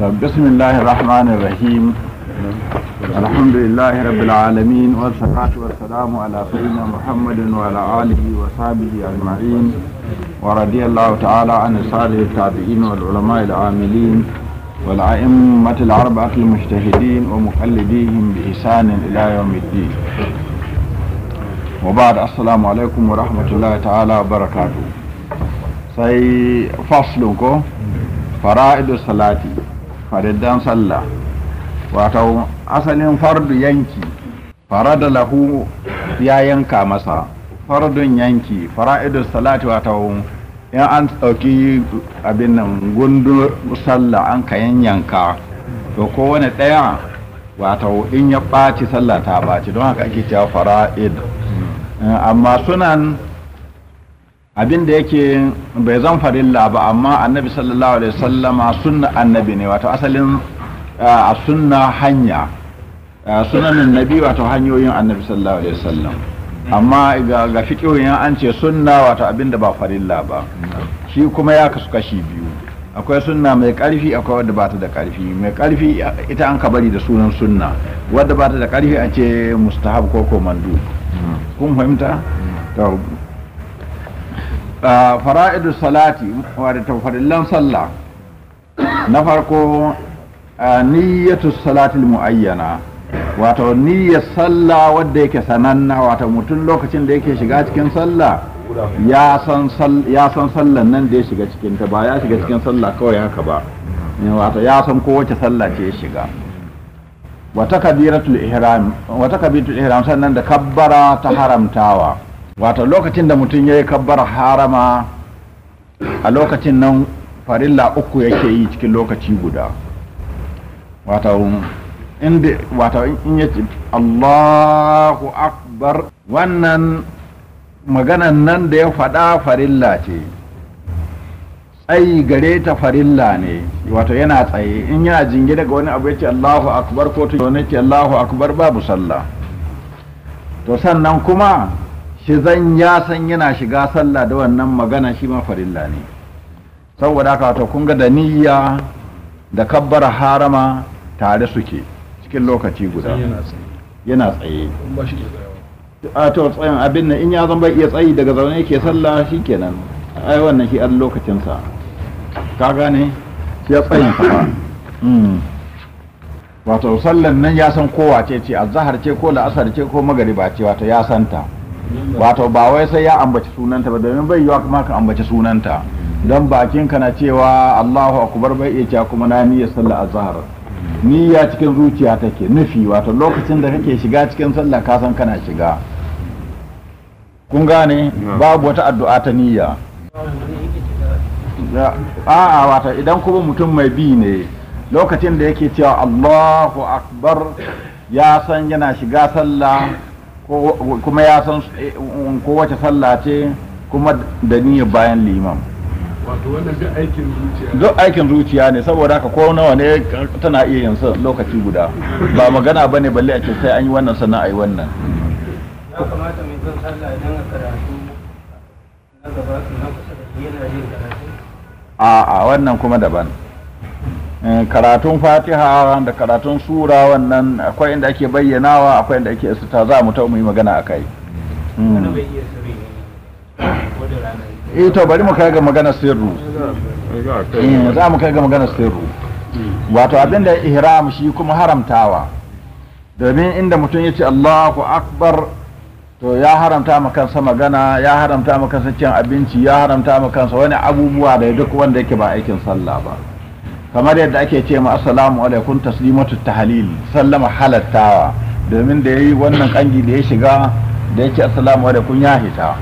بسم الله الرحمن الرحيم الحمد لله رب العالمين والصلاة والسلام على سيدنا محمد وعلى آله وصحبه أجمعين ورضي الله تعالى عن الصالح التابعين والعلماء العاملين والأئمة الأربعة المجتهدين ومقلديهم بإحسان إلى يوم الدين وبعد السلام عليكم ورحمة الله تعالى وبركاته سي فصلكم فرائد الصلاة faridan sallah wato asalin fardu yanki farada lahu ya yanka masa fardun yanki fara'idu salati wato in an ɗauki abin nan gundun sallah an ka yanka to kowane ɗaya wato in ya ɓaci sallah ta ɓaci don haka ake cewa fara'id eh, amma sunan abin da yake bai zan farilla ba amma annabi sallallahu alaihi wasallama sunna annabi ne wato asalin a sunna hanya sunan annabi wato hanyoyin annabi sallallahu alaihi wasallam amma ga ga fiqhin an ce sunna wato abin da ba farilla ba shi kuma ya kasu kashi biyu akwai sunna mai karfi akwai wadda bata da karfi mai karfi ita an ka bari da sunan sunna wadda bata da karfi a ce mustahab ko ko mandu kun fahimta fara'idu salati wadda farillan sallah na farko niyyatu salatil muayyana wato niyyar sallah wadda yake sananna wato mutum lokacin da yake shiga cikin sallah ya san sallan nan da ya shiga cikin ta ba ya shiga cikin sallah kawai haka ba wato ya san kowace sallah ce ya shiga wata kabiratul ihram wata kabiratul ihram sannan da kabbara ta haramtawa wato lokacin da mutum ya yi kabbar harama a lokacin nan farilla uku yake yi cikin lokaci guda wato inda in ya ce allahu akbar wannan maganan nan da ya faɗa farilla ce tsayi gare ta farilla ne wato yana tsaye in yana jingi daga wani abu ya ce allahu akbar ko ta wani ce allahu akbar babu sallah to sannan kuma shi zan ya san yana shiga sallah da wannan magana shi ma farilla ne saboda haka wato kun ga da niyya da kabbara harama tare suke cikin lokaci guda yana tsaye a to tsayin abin nan in ya zan bai iya tsayi daga zaune yake sallah shi kenan ai wannan shi an lokacinsa ka gane shi ya tsayin sa hmm. wato sallan nan ya san kowa ce ce azhar ce ko la'asar ce ko magariba ce wato ya santa wato ba wai sai ya ambaci sunanta ba domin bai yiwa kuma ka ambaci sunanta don bakin ka na cewa Allahu akbar bai iya cewa kuma na niyyar sallah azhar niyya cikin zuciya take nufi wato lokacin da kake shiga cikin sallah ka kana shiga kun gane babu wata addu'a ta niyya a'a wata idan kuma mutum mai bi ne lokacin da yake cewa Allahu akbar ya san yana shiga sallah kuma ya san eh, kowace sallah ce kuma da niyya bayan liman wato wannan duk aikin zuciya duk aikin zuciya ne saboda haka ko nawa ne tana iya yin sa lokaci guda ba magana bane balle a ce sai an yi wannan sannan a yi wannan ya kamata mai zan sallah idan karatu na gaba na kusa da yana yin karatu a a wannan kuma daban Eh, karatun fatiha da karatun sura wannan akwai inda ake bayyanawa akwai inda ake isita za mu ta mu yi magana a kai hmm. ito eh, bari mu kai ga magana sirru eh, za mu kai ga magana sirru wato abin da ihram shi kuma haramtawa domin inda mutum ya ce allahu akbar to ya haramta ma kansa magana ya haramta ma kansa cin abinci ya haramta ma kansa wani abubuwa da duk wanda yake ba aikin sallah ba kamar yadda ake ce ma assalamu alaikum taslimatu tahlil sallama halattawa domin da yayi wannan kangi da ya shiga da yake assalamu alaikum ya hita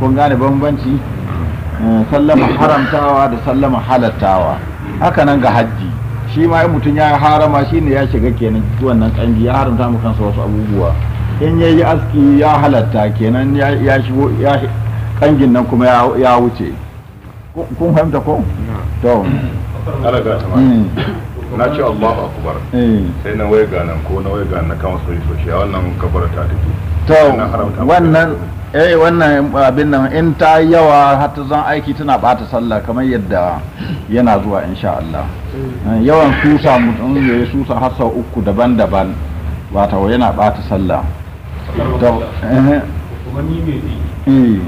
kun gane bambanci eh, sallama haramtawa da sallama halattawa haka nan ga hajji shi ma mutum ya harama shi ne ya shiga kenan wannan kangi ya haramta mu kansa wasu abubuwa in ya yi aski ya halatta kenan ya shigo ya kangin nan kuma ya wuce kun fahimta ko to alaga hmm. na ce Allah Allahu kubar hmm. sai na waya ganan ko na waya ganan kan wasu so A wannan kabar ta tafi. to wannan eh wannan abin nan in ta yawa hatta zan aiki tana bata sallah kamar yadda yana zuwa insha Allah hmm. yawan susa mutum ya susa har sau uku daban-daban wata yana bata sallah to eh wani ne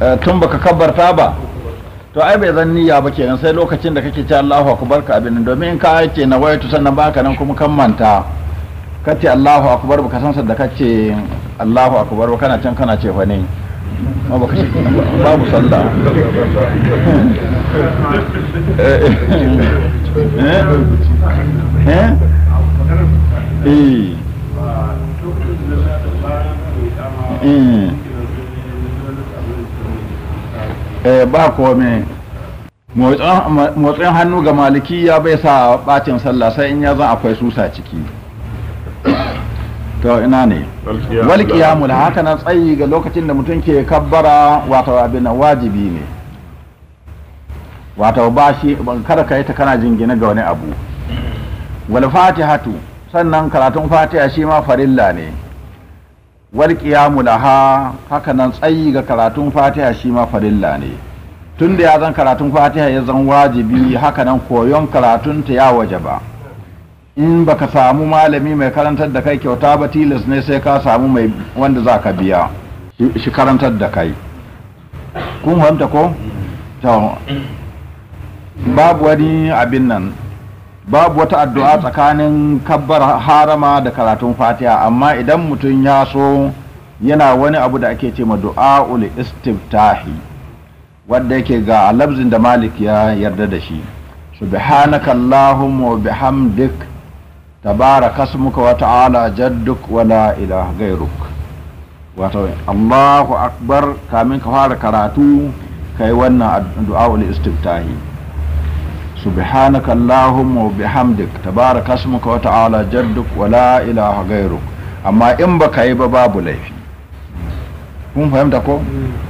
Eh, tun baka kabbarta ba to ai bai zan niyya ba kenan sai lokacin da kake ci Allahu akbar ka abin domin in ka ce na wayatu sannan baka nan kuma kan manta ka ce Allahu akbar baka san sadda kace Allahu akbar ba kana can kana ce fa ne babu sallah eh eh eh, eh, eh. ba kome motsin hannu ga maliki ya bai sa bacin sallah sai in ya zan akwai susa ciki to ina ne wal da haka nan tsayi ga lokacin da mutum ke kabbara wato abin wajibi ne wato ba shi ban kada yi ta kana jingina ga wani abu wal fatihatu sannan karatun fatiha shi ma farilla ne wal qiyamu da haka nan tsayi ga karatun fatiha shi ma farilla ne tun da ya zan karatun fatiha ya zan wajibi haka nan koyon karatun ta ya waje ba in baka samu malami mai karantar da kai kyauta ba tilas ne sai ka samu mai wanda za ka biya shi karantar da kai kun fahimta ko babu wani abin nan babu wata addu'a tsakanin kabbar harama da karatun fatiha amma idan mutum ya so yana wani abu da ake ce ma du'a du'a'ul istiftahi wanda yake ga alabzin da malik ya yarda da shi subhanaka allahumma wa bihamdik tabaraka smuka wa ta'ala jadduk wa la ilaha gairuk wato allahu akbar kamin ka fara karatu kai wannan du'a'ul istiftahi subhanaka allahumma wa bihamdik tabaraka smuka wa ta'ala jadduk wa la ilaha gairuk amma in baka yi ba babu laifi kun fahimta ko hmm.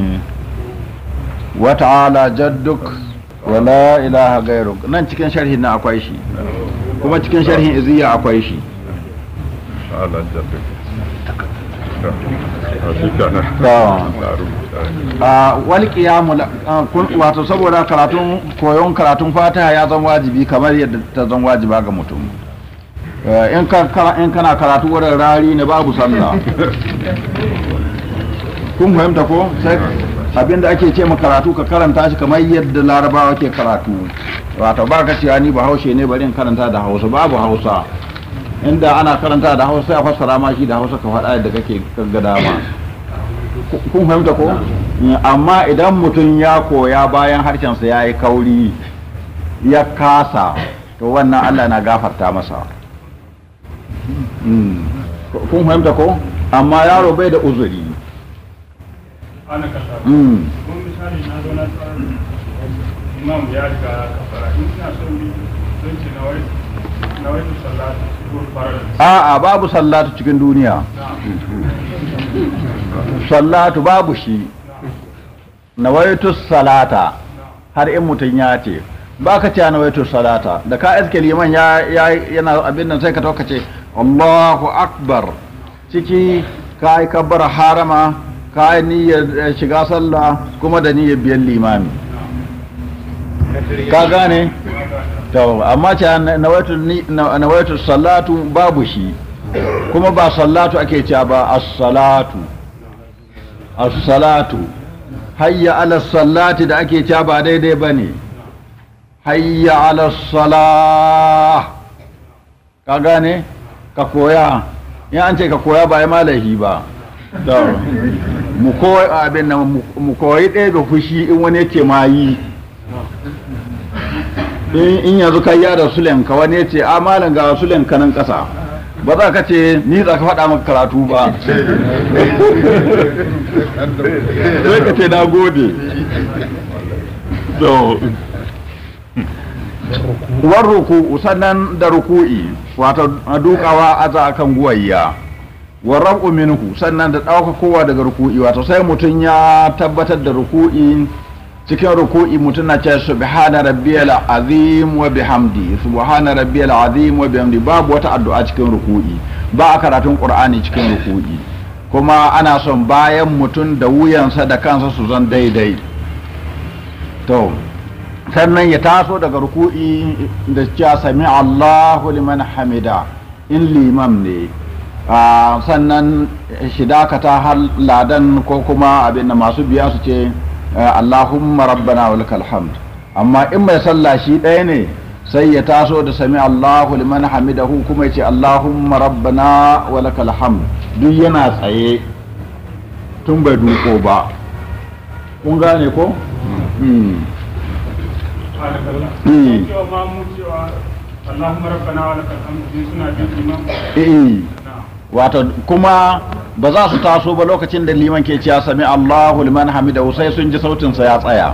wa ta'ala jadduk wa la ilaha gairu. nan cikin sharhin na akwai shi kuma cikin sharhin iziya akwai shi wal qiyamu wato saboda karatun koyon karatun fatiha ya zan wajibi kamar yadda ta zan wajiba ga mutum in kana karatu wurin rari ne babu sallah kun fahimta ko sai Abin da ake ce ma karatu ka karanta shi kamar yadda larabawa ke karatu wato ba ka cewa ba haushe ne bari in karanta da hausa babu hausa inda ana karanta da hausa sai a fassara ma shi da hausa ka faɗa yadda kake ga dama kun fahimta ko amma idan mutum ya koya bayan harshensa ya yi kauri ya kasa to wannan allah na gafarta masa hmm. kun fahimta ko amma yaro bai da uzuri hana kasa misali na zo na tsara imam ya riga kafara na wai na a'a babu sallatu cikin duniya sallatu babu shi nawaitu salata har in mutum ya ce ba ka ce nawaitu salata da ka iske liman ya yana abin nan sai ka tauka Allahu akbar ciki ka yi kabbar harama ka yi niyyar eh, shiga sallah kuma da niyyar biyan limami ka gane to amma ce nawaitu salatu babu shi kuma ba salatu ake cewa ba as-salatu as-salatu hayya ala salati da ake cewa ba daidai ne hayya ala salah ka gane ka koya yan an ce ka koya ba ya malahi ba to mu koyi abin nan mu koyi ɗaya ga fushi in wani ce ma yi in yanzu ka yi da sulen ka wani ce a malam ga sulen ka nan ƙasa ba za ka ce ni za ka faɗa maka karatu ba sai ka ce na gode war ruku sannan da ruku'i wato dukawa aza kan guwayya wa rabu minhu sannan da ɗauka kowa daga ruku'i wato sai mutum ya tabbatar da ruku'i cikin ruku'i mutum na ce subhana rabbiyal azim wa bihamdi subhana rabbiyal azim wa bihamdi babu wata addu'a cikin ruku'i ba a karatun qur'ani cikin ruku'i kuma ana son bayan mutum da wuyansa da kansa su zan daidai to sannan ya taso daga ruku'i da cewa sami Allahu liman hamida in liman ne a ah, sannan shi dakata har ladan ko kuma abin da masu biya su ce eh, Allahumma rabbana wa lakal hamd amma in mai sallah shi ɗaya ne sai ya taso da sami Allahu liman hamidahu kuma ya ce Allahumma rabbana wa lakal hamd duk yana tsaye tun bai duko ba kun gane ko hmm. Hmm. Allahumma rabbana wa hamd wato kuma ba za su taso ba lokacin da liman ke cewa sami Allahu liman hamida sai sun ji sautin sa ya tsaya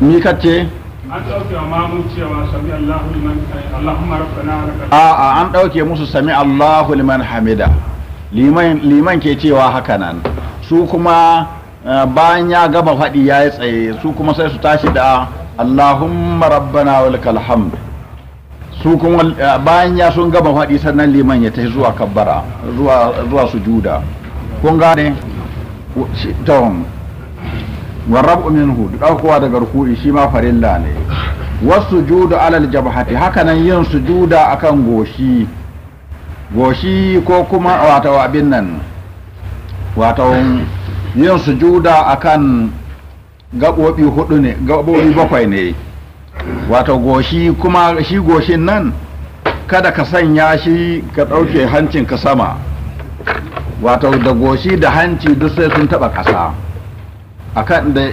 ni kace an dauke wa mamu cewa sami Allahu liman Allahumma rabbana lakal a'a an dauke musu sami Allahu liman hamida liman liman ke cewa haka nan su kuma bayan ya gama faɗi ya yi tsaye su kuma sai su tashi da Allahumma rabbana wa lakal hamd su kuma eh, bayan ya sun gama faɗi sannan liman ya tafi zuwa kabbara zuwa su Juda. kun gane tawon warrab minhu ɗaukowa daga rukuri shi ma farilla ne wasu juda alal jabhati hakanan yin su juda akan goshi goshi ko kuma wato abin nan wata yin su juda akan gaɓoɓi hudu ne gaɓoɓi bakwai ne wato goshi kuma shi goshin nan kada ka sanya shi ka ɗauke hancin ka sama wato da goshi da hanci duk sai sun taɓa ƙasa akan da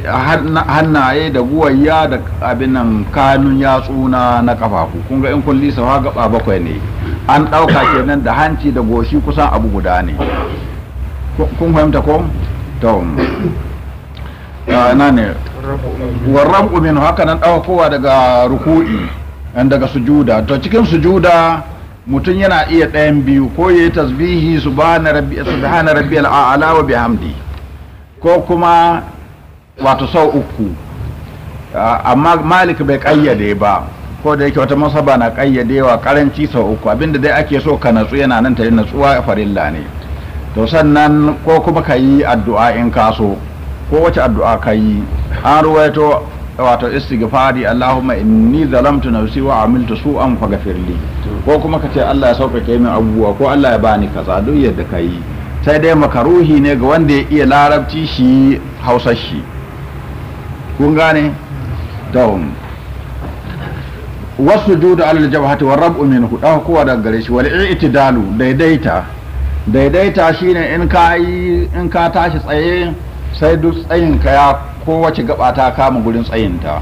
hannaye da guwayya da abin nan kanun tsuna na ƙafafu kun ga in kun lisa ha gaba bakwai ne an ɗauka kenan da hanci da goshi kusan abu guda ne kun fahimta ko to na ne warram umin haka nan kowa daga ruku'i daga sujuda to cikin sujuda mutum yana iya ɗayan biyu ko yayi tasbihi subhana rabbi subhana rabbi al'ala wa bihamdi ko kuma wato sau uku ah, amma malik bai kayyade ba ko da yake wata masaba na kayyadewa karanci sau uku abinda dai ake so ka natsu yana nan ta yi natsuwa farilla ne to sannan ko kuma ka yi addu'a in ka so ko wace addu'a ka yi an ruwaito wato istighfari Allahumma inni zalamtu nafsi wa amiltu su'an faghfirli ko kuma ka ce Allah ya sauƙaƙe min abubuwa ko Allah ya bani kaza duk yadda ka yi sai dai makaruhi ne ga wanda ya iya larabci shi hausashi kun gane dawon wasu judu alal jabhati war rab'u minhu dawo kowa daga gare shi wal i'tidalu daidaita daidaita shine in ka yi, in ka tashi tsaye sai duk tsayin ka ya kowace gaba ta kama gurin tsayinta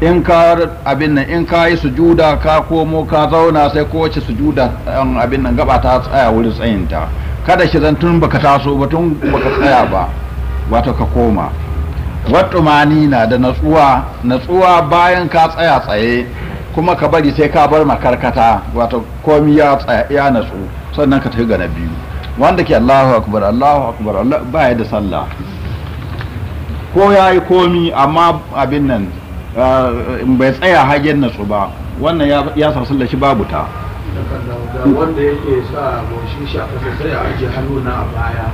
in ka abin nan in ka yi sujuda ka komo ka zauna sai kowace sujuda um, abin nan gaba ta tsaya wurin tsayinta kada shi zan tun baka taso ba tun baka tsaya ba wato ka koma wattumani na da natsuwa natsuwa bayan ka tsaya tsaye kuma ka bari sai ka bar makarkata wato komi ya tsaya ya natsu sannan ka tafi ga na biyu wanda ke Allahu akbar Allahu akbar Allah baya da sallah ko ya yi komi amma abin nan ah, bai tsaya hagen nasu ba wannan ya sasu da shi babu ta wanda yake sa goshi shafa sai a ajiye hannu na a baya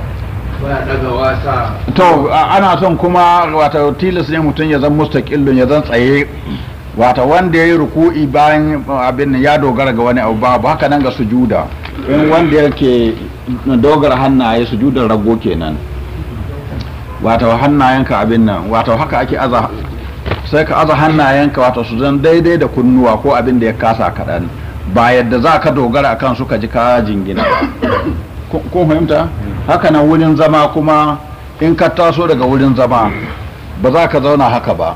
to ana son kuma wata tilas ne mutum ya zan mustaqillun ya zan tsaye wata wanda ya yi ruku'i bayan ah, abin ya dogara ga wani abu babu haka nan ga sujuda in wanda yake dogara hannaye sujudar rago kenan wato hannayenka abin nan wato haka ake aza sai ka aza hannayenka wato su zan daidai da kunnuwa ko abin da ya kasa kaɗan ba yadda za ka dogara akan su ka ji ka jingina ko fahimta haka nan wurin zama kuma in ka taso daga wurin zama ba za ka zauna haka ba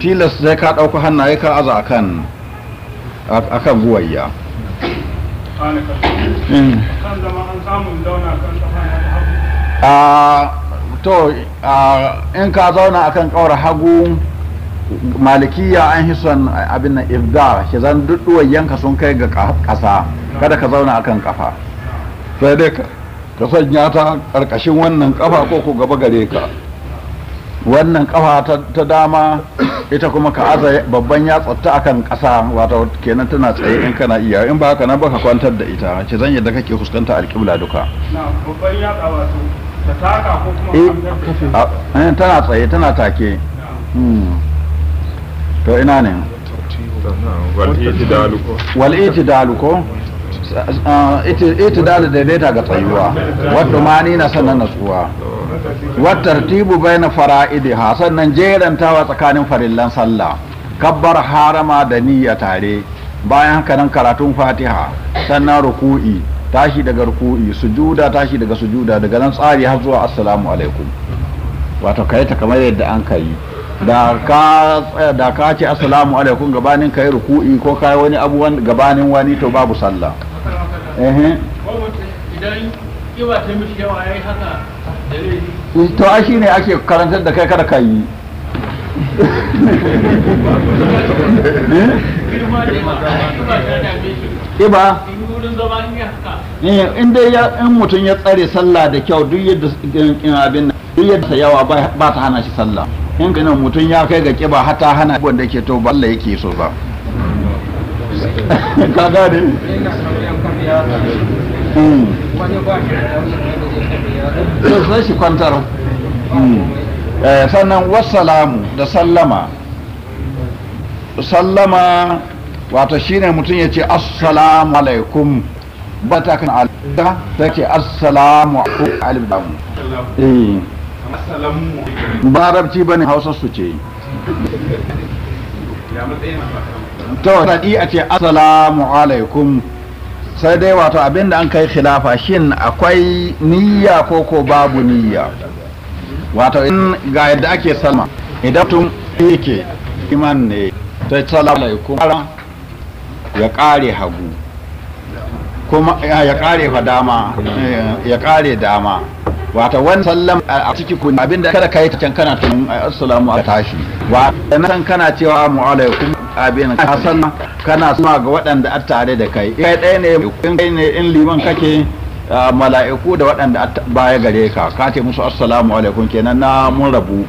tilas sai ka ɗauka hannaye ka aza akan akan guwayya hmm. a to in ka zauna akan kawar hagu malikiya an son abin nan ifda, shi zan duɗuwar yanka sun kai ga kasa kada ka zauna akan kafa sai dai ka sanya ta ƙarƙashin wannan kafa ko ku gaba gare ka wannan kafa ta dama ita kuma ka aza babban ya tsatta akan kasa wata kenan tana tsaye in kana iya in ba haka nan ba ka kwantar da ita ce zan yadda kake fuskanta alƙibla duka na babban ya wato Eh, eh, tana tsaye tana take hmm. to ina ne wal itidalu ko da ah, daidaita ga tsayuwa wadda mani na sannan natsuwa tibu bai na ha sannan jerantawa tsakanin farillan sallah kabbar harama da niyya tare bayan hankalin nan karatun fatiha sannan ruku'i tashi daga ruku'i sujuda tashi daga sujuda daga nan tsari har zuwa assalamu alaikum wato kai ta kamar yadda an kai da ka da ka ce assalamu alaikum gabanin kai ruku'i ko kai wani abu gabanin wani to babu sallah eh idan kiba ta mishi yawa yayi haka to a shi ne ake karantar da kai kada ka yi eh? iba wurin zama in ya haka eh, in dai ya in mutum ya tsare sallah da kyau duk yadda eh, abin duk yadda yawa ba ta hana shi sallah in kana mutum ya kai ga kiba har ta hana da ke to ba Allah yake so ba ka gane hmm. sai shi kwantar hmm. eh, sannan wassalamu da sallama sallama wato shine mutum ya ce assalamu alaikum ba ta kan alaikum ta ce assalamu alaikum ba eh. rabci ba ne hausa su ce ta wata a ce assalamu alaikum sai dai wato abinda an kai khilafa shin akwai niyya ko ko babu niyya wato in ga yadda ake salma idan tun yake iman ne sai salamu alaikum ya ƙare hagu kuma ya ƙare fa dama ya ƙare dama wata wani sallam a ciki kun abinda kada kai ta can kana tun assalamu a tashi wa nan kana cewa mu alaikum abin ka san kana suna ga waɗanda a tare da kai kai ɗaya ne in kai ne in liman kake mala'iku da waɗanda baya gare ka ka ce musu assalamu alaikum kenan na mun rabu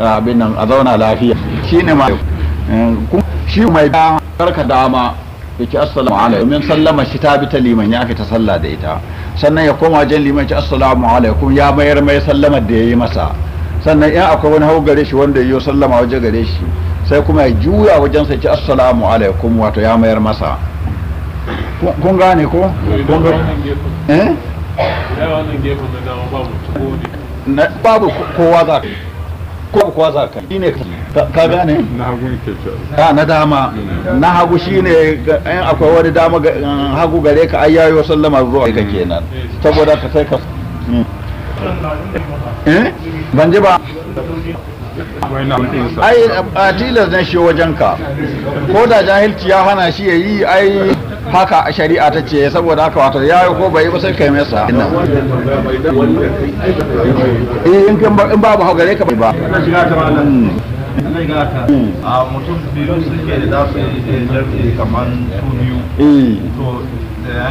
abin nan a zauna lafiya shine ma eh, shi mai da karka dama ya ci assalamu alaikum domin sallama shi ta bi ta liman ya ta salla da ita sannan ya koma jan liman ci assalamu alaikum ya mayar mai sallamar da ya yi masa sannan in akwai wani hau gare shi wanda ya yi sallama waje gare shi sai kuma ya juya wajen sai ci assalamu alaikum wato ya mayar masa kun gane ko kun gane eh babu kowa za ka kowa za ka ka gane na hagu ke ta ah, na dama na hagu shine in akwai wani dama hagu gare ka ai yayo sallama zuwa ka kenan saboda ka sai ka hmm. eh ban ji ba ai a tilas na shi wajen ka ko da jahilci ya hana shi ya yi ai haka a shari'a ta ce saboda haka wato ya yi ko bai yi ba sai kai masa eh, in babu hau gare ka ba Allah ga hmm. a mutum biyu suke da za su yi jarfi kamar su biyu eh. to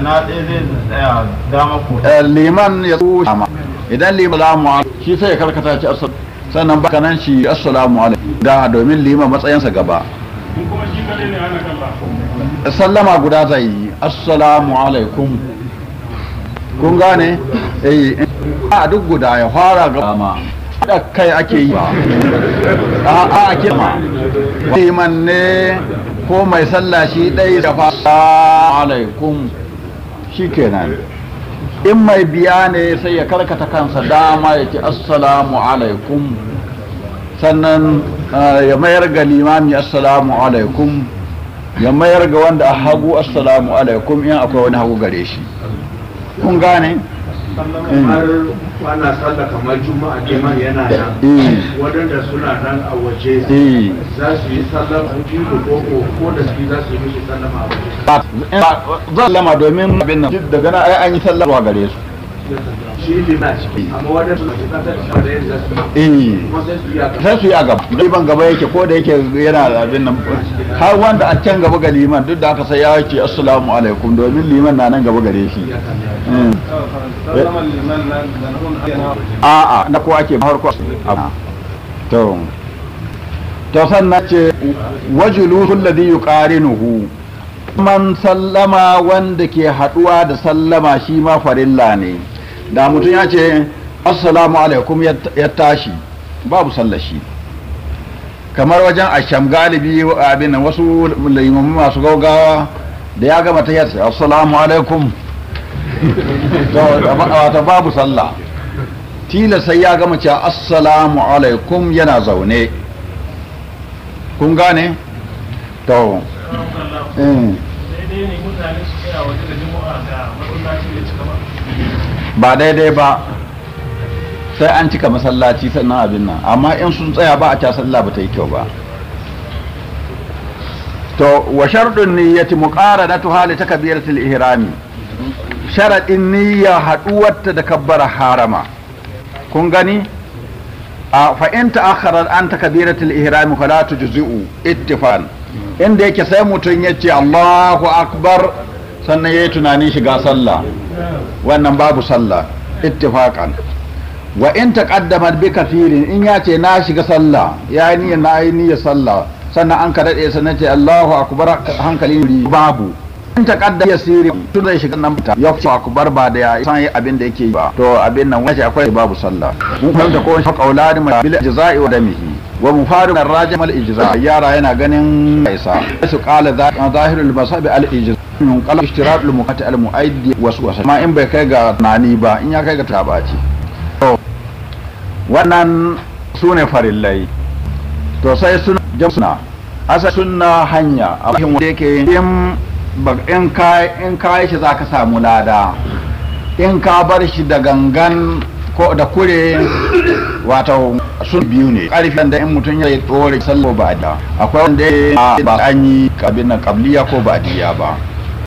na ɗaya zai tsaya dama ko eh, liman ya shama idan liman shi sai ya karkata ci asal sannan baka nan shi assalamu alaikum da domin liman matsayinsa gaba sallama guda zai yi assalamu alaikum kun gane eh a duk guda ya fara gama buɗa kai ake yi a a kima liman ne ko mai sallah shi ɗai da fasa alaikum shi kenan in mai biya ne sai ya karkata kansa dama ya ce assalamu alaikum sannan ya mayar ga limami assalamu alaikum ya mayar ga wanda a hagu assalamu alaikum in akwai wani hagu gare shi kun gane kamar mm. ana sallah kamar juma'a mm. suna nan a waje mm. za su yi sallah biyu da koko ko da su za su yi musu sallama a waje. Zan lama domin abin nan daga an yi gare su. shi liman amma wadanda ba su da su yi a gaba yake ko da yake yana da abin nan har wanda a can gaba ga liman duk da aka sai ya ce assalamu alaikum domin liman na nan gaba gare shi hmm. eh. a'a na ko ake farko to to sannan ce wajulu alladhi yuqarinuhu man sallama wanda ke haduwa da sallama shi ma farilla ne da mutum ya ce assalamu alaikum ya tashi babu sallashi kamar wajen asham galibi abin wasu limamu masu gaugawa da ya gama ta yasa assalamu alaikum wata babu sallah tila sai ya gama cewa assalamu alaikum yana zaune kun gane? to eh. mutane su ba daidai ba sai an cika masallaci sannan abin nan amma in sun tsaya ba a ta sallah ba ta yi kyau ba to wa sharɗin niyyati Tuhali hali Kabiratul ihrami sharaɗin niyya haɗuwarta da kabbara harama kun gani a fa'in ta'akharar an takabiratul ihrami fala tujzi'u ittifan inda yake sai mutum yace Allahu akbar sannan ya yi tunanin shiga sallah wannan babu sallah ittifakan wa in taqaddamat bi kafirin in ya ce na shiga sallah ya yi niyyar na yi niyyar sallah sannan an ka daɗe sannan ce Allahu akbar hankali babu in taqaddama yasiri tun da shiga nan ta ya fi akbar ba da ya san abin da yake ba to abin nan wace akwai babu sallah mun fahimta ko shi qaulani ma bil jazai wa damihi wa mufarid ar-rajim al-ijza yara yana ganin isa su qala zahirul masabi al-ijza min qala ishtiradul muqati al muaidi wasu wasu ma in bai kai ga tunani ba in ya kai ga tabaci wannan sune farillai to sai suna jamsuna asa sunna hanya a wanda yake in in kai in kai shi zaka samu lada in ka bar shi da gangan ko da kure wato sun biyu ne karfin da in mutum ya tsore sallo ba da akwai wanda ya ba an yi kabin kabliya ko badiya ba